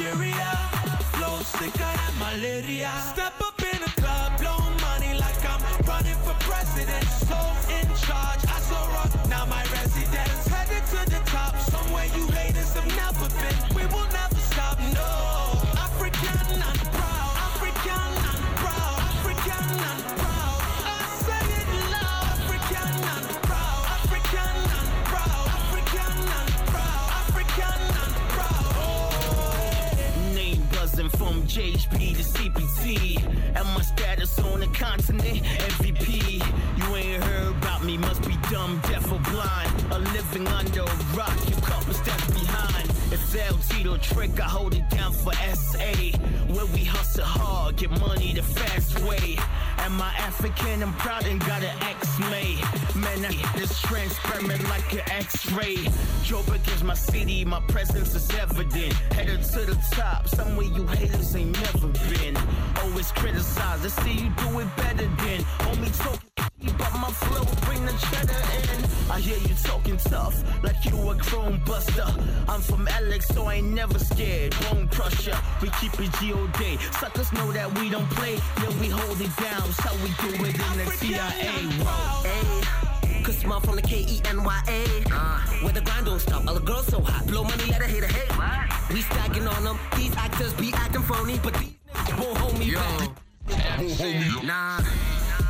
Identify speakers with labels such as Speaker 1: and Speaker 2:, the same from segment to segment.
Speaker 1: Nigeria. Flow sicker than malaria. Step up.
Speaker 2: finest on the continent. MVP, you ain't heard about me, must be dumb, deaf, or blind. A living under a rock, you couple steps behind. It's LT the trick, I hold it down for SA. Where we hustle hard, get money the fast way. Am I African? I'm proud and got an X made. Man, I this transparent like an X ray. Joburg is my city, my presence is evident. Headed to the top, somewhere you haters ain't never been. Always criticized, I see you do it better than. Homie, talk, but my flow bring the cheddar in. I hear you talking tough, like you a chrome buster. I'm from Alex, so I ain't never scared. Bone crusher, we keep it G.O.D. Suckers know that we don't play, then we hold it down. So we do it in the CIA. Hey, cause I'm from the K-E-N-Y-A. Uh, where the grind don't stop, all the girls so hot. Blow money, let her a hate. What? We stacking on them, these actors be acting phony, but these niggas won't hold me Yo. back. Won't hold me. Nah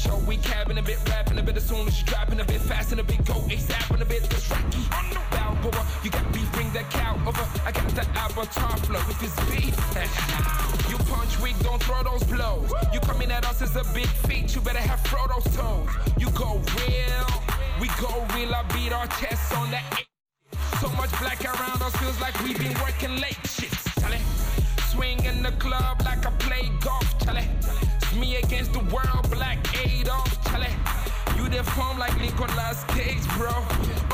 Speaker 3: show. We cabbing a bit, rapping a bit as soon as you dropping a bit fast and a bit go ASAP and a bit less rocky. I'm no Balboa, you got beef, bring that cow over. I got that avatar flow with this beef. you punch weak, don't throw those blows. You coming at us as a big feat, you better have Frodo's toes. You go real, we go real. I beat our chests on that. So much black around us feels like we've been working late. Shit, tell it. Swing in the club like I play golf, tell it me against the world, black Adolf, chale. You deform like Nicolas Cage, bro.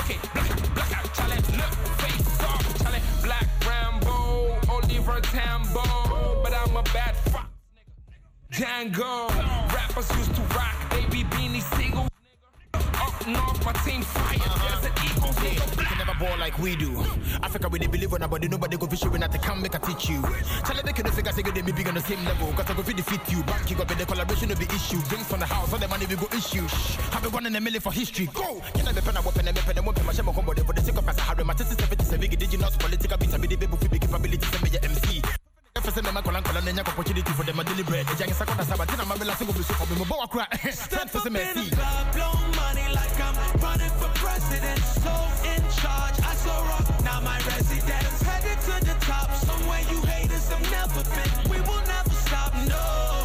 Speaker 3: Okay, black, black out, chale. Look, face off, chale. Black Rambo, Oliver Tambo. But I'm a bad fuck, nigga.
Speaker 2: Django. Rappers used to rock, baby beanie single. Starting off my team fire. Uh-huh. There's an equal yeah. You can never ball like we do. Africa we really believe on nobody, nobody go fishing when I can make a teach you. Tell them they can not figure say they be big on the same level. Cause I go fit defeat you. Bank you got the collaboration of the issue. Drinks on the house, all the money we go issue. Shh. Have been one in a million for history. Go! Can I be pen and weapon and weapon and weapon? My shame on combo for the sake of my Sahara. My test is 77 did you not political beats and be the baby for capabilities and major MC say them a call and call and then opportunity for them a deliberate. They just a sabatina, my bella single blue for me, my boy Step up in the club, blow
Speaker 1: money like I'm running for president. So in charge, I so rock, now my residence. Headed to the top, somewhere you haters have never been. We will never stop, no.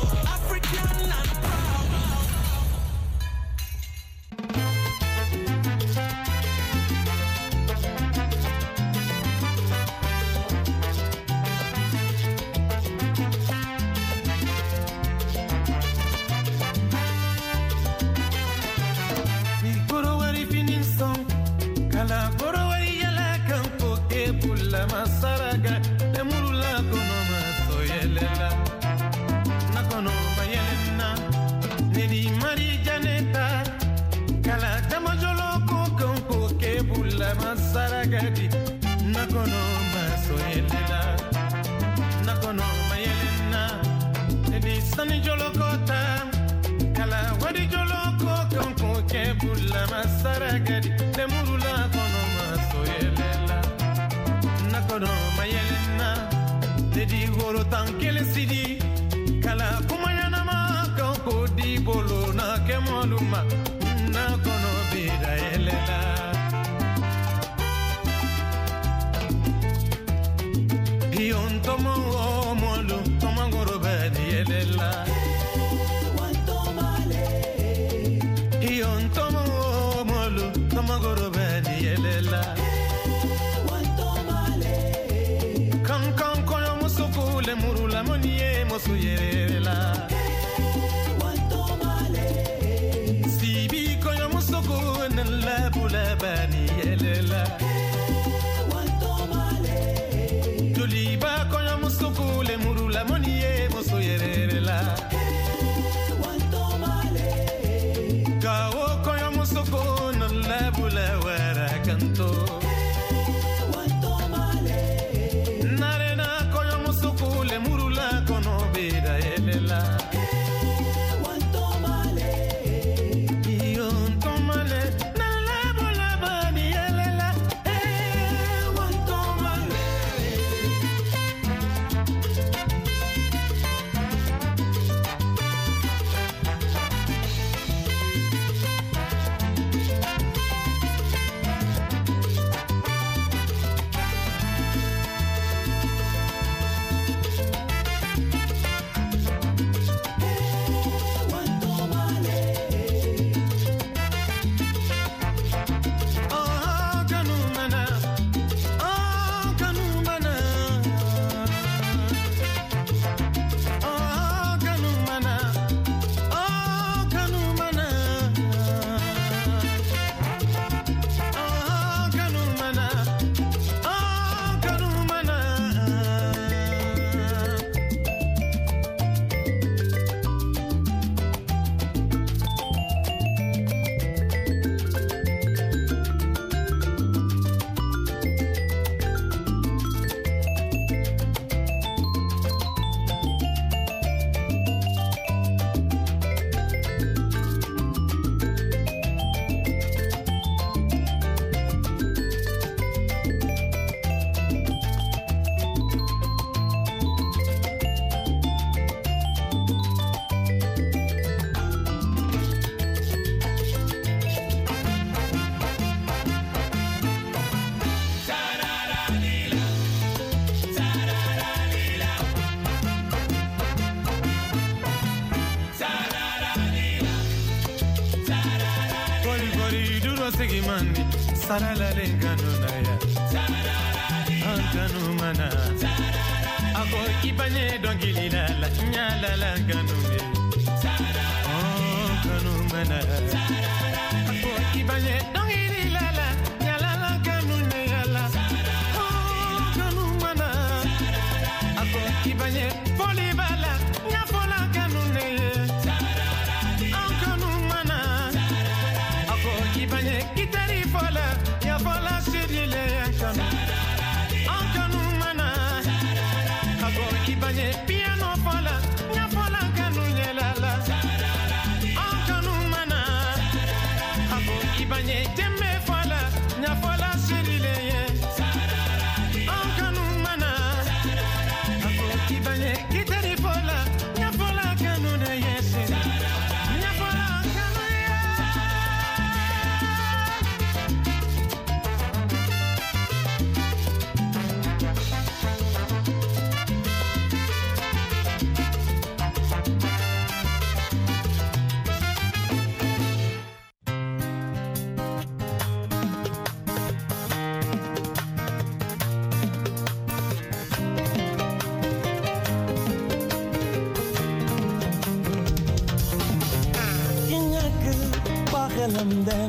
Speaker 4: no, సరళ లింగను
Speaker 5: de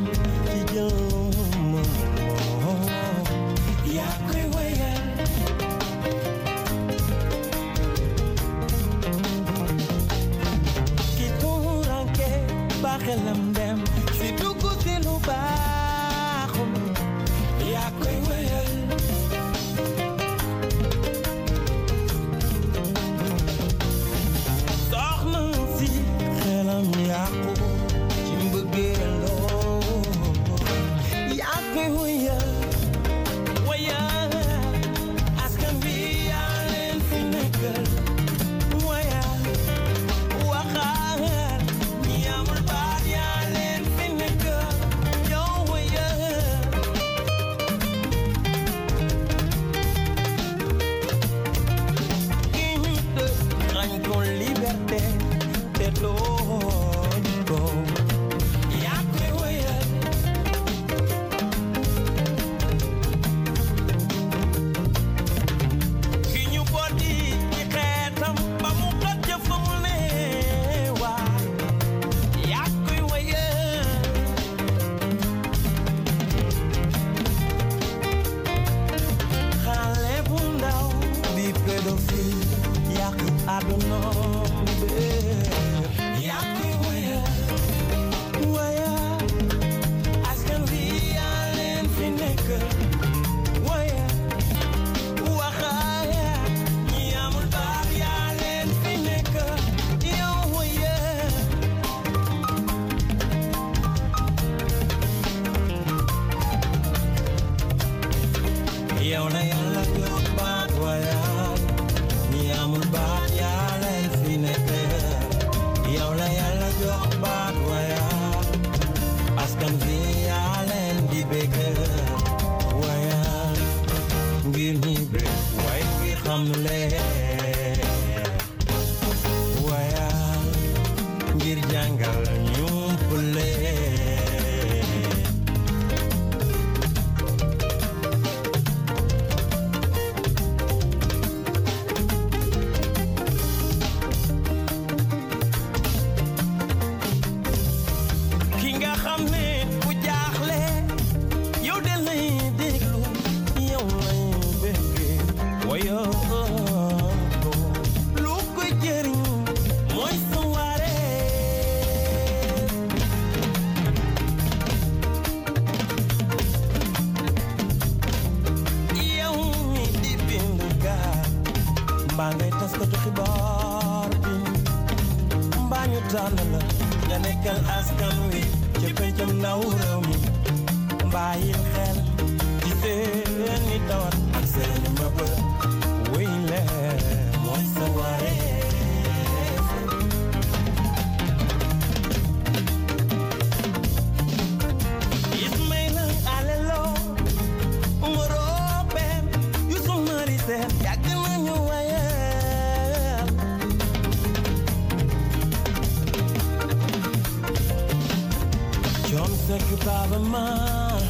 Speaker 5: coisa que o brava mãe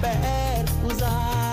Speaker 5: perde usar.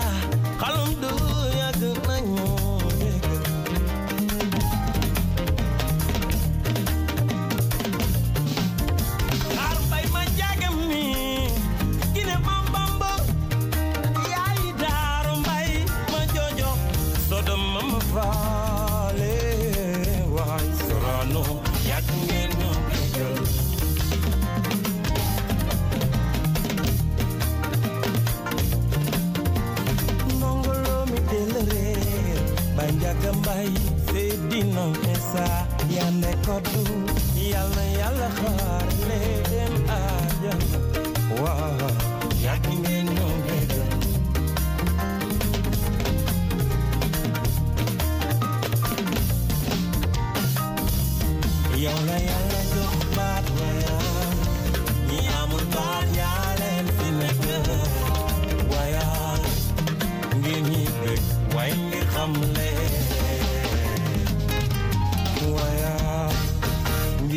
Speaker 5: ay se dina esa yande kodu ya yalla khar le dem wa no ya ni ya len finaka wa ya ngini bek wa le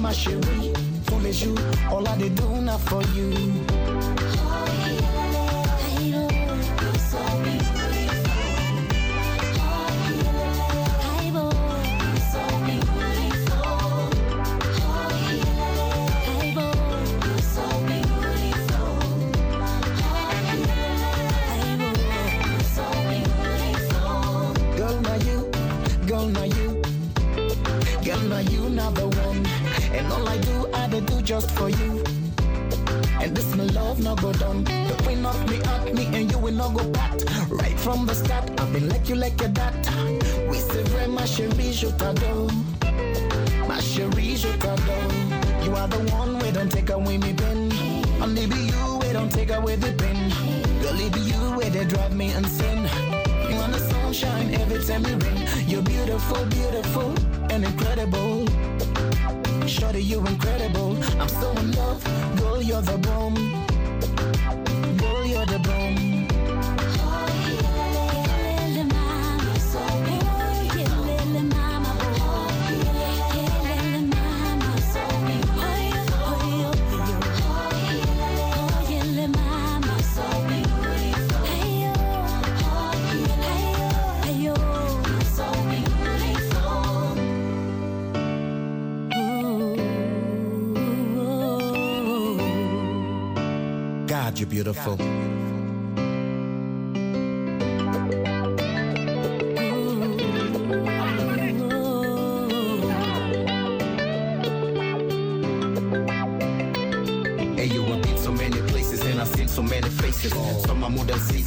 Speaker 2: my chérie. Tous les jours, all I do now for you. Oh, yeah. And all I do, I do just for you. And this my love no go down. The queen of me at me and you will not go back. Right from the start, I've been like you like a dad. We say my chérie, je t'adore. My chérie, je t'adore. You are the one we don't take away me pain. Only be you we don't take away the pain. Girl, it be you where they drive me insane shine every time you ring. You're beautiful, beautiful, and incredible. Shorty, you're incredible. I'm so in love, girl, you're the bomb. you're beautiful.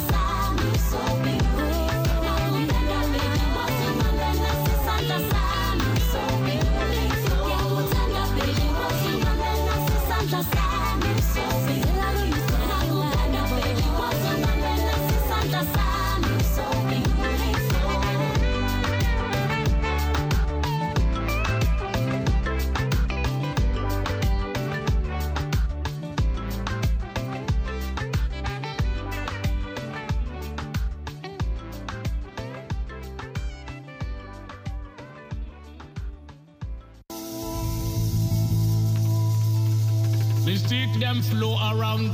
Speaker 6: so sorry.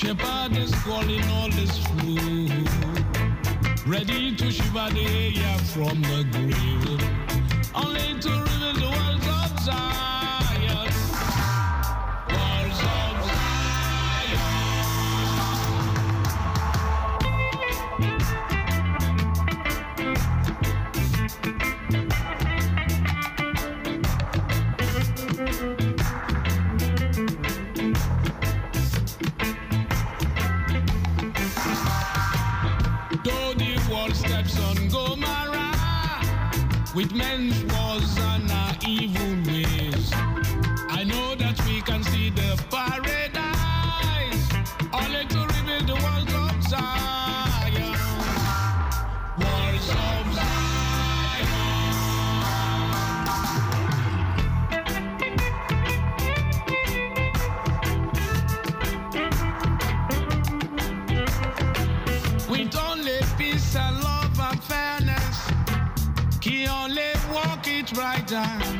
Speaker 3: Shepherd is calling all his flock, ready to shiver the air from the grave, only to reveal the world's outside. men's down.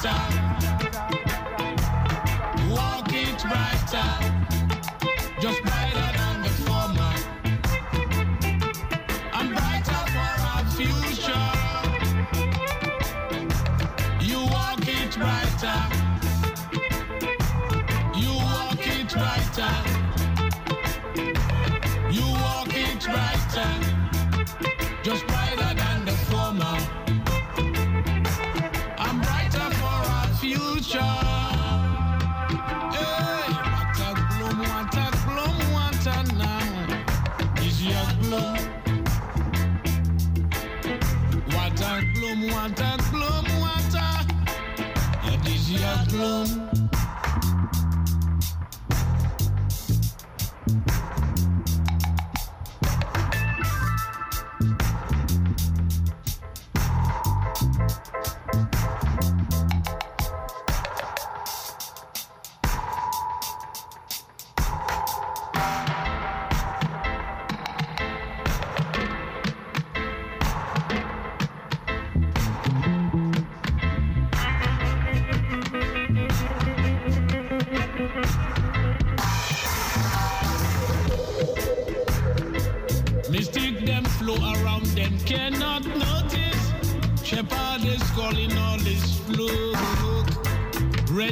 Speaker 3: 家。